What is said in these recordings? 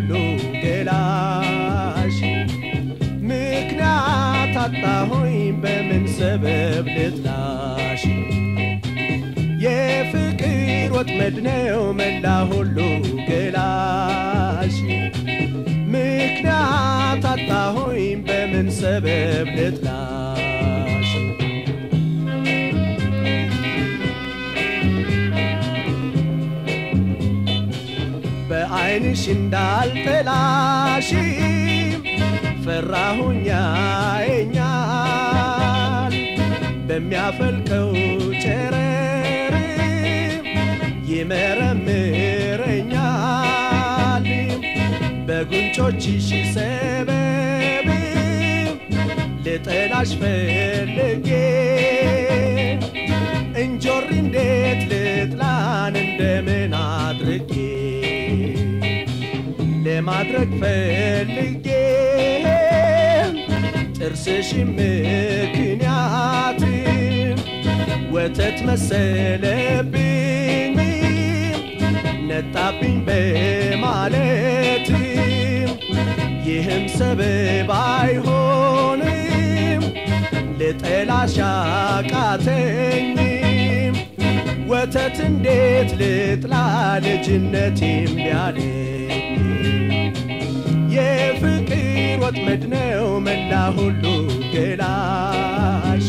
ሁሉ ገላሽ ምክንያት አጣሆኝ በምን ሰበብ ልጥላሽ የፍቅር ወጥመድ ነው መላ ሁሉ ገላሽ ምክንያት አጣሆኝ በምን ሰበብ ልጥላሽ በአይንሽ እንዳልተላሽ ፈራሁኛ የኛል በሚያፈልከው ጨረር ይመረምረኛል በጉንጮችሽ ሰበብ ልጠላሽ ፈልጌ ፈልጌ ጥርስሽ ምክንያት ወተት መሰለብኝ ነጣብኝ በማለት ይህም ሰበብ አይሆንም ልጠላሽ አቃተኝ ወተት እንዴት ልጥላ ልጅነት የሚያለ የፍቅር ወጥመድ ነው መላ ሁሉ ገላሽ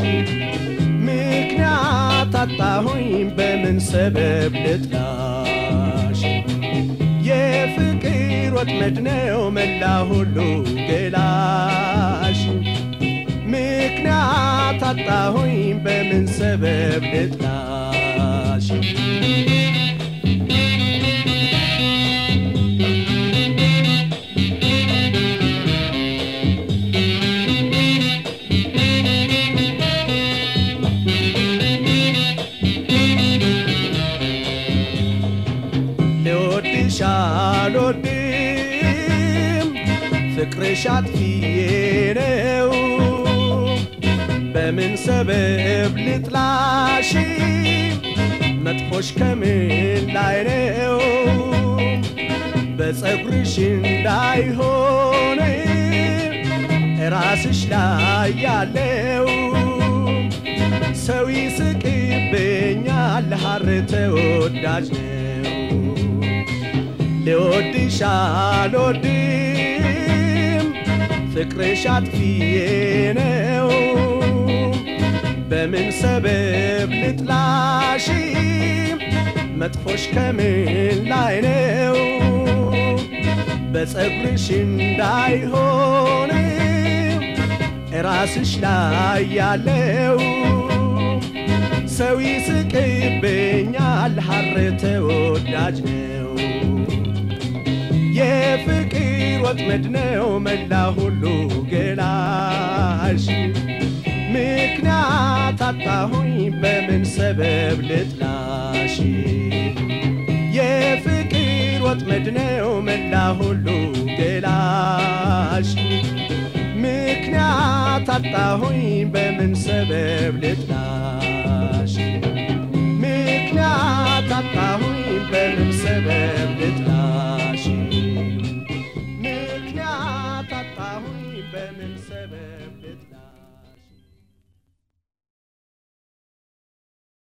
ምክንያት አጣሁኝ በምን ሰበብ ልጥላሽ የፍቅር ወጥመድ ነው መላ ሁሉ ገላሽ ምክንያት አጣሁኝ በምን ሰበብ ልጥላሽ አልወድም ፍቅርሽ አጥፊዬ ነው በምን ሰበብ ልጥላሽ መጥፎሽ ከምን ላይ ነው በፀጉርሽ እንዳይሆን ራስሽ ላይ ያለው ሰው ይስቅብኛል ሐር ተወዳጅ ነው ልወድሽ አልወድም ፍቅርሽ አጥፊዬ ነው በምን ሰበብ ልጥላሽ መጥፎሽ ከምን ላይ ነው በፀጉርሽ እንዳይሆን እራስሽ ላይ ያለው ሰው ይስቅብኛል ሐር ተወዳጅ ነው ወጥመድ ነው መላ ሁሉ ገላሽ ምክንያት አጣሁኝ በምን ሰበብ ልጥላሽ የፍቅር ወጥመድ ነው መላ ሁሉ ገላሽ ምክንያት አጣሁኝ በምን ሰበብ ልጥላሽ ምክንያት አጣሁኝ በምን ሰበብ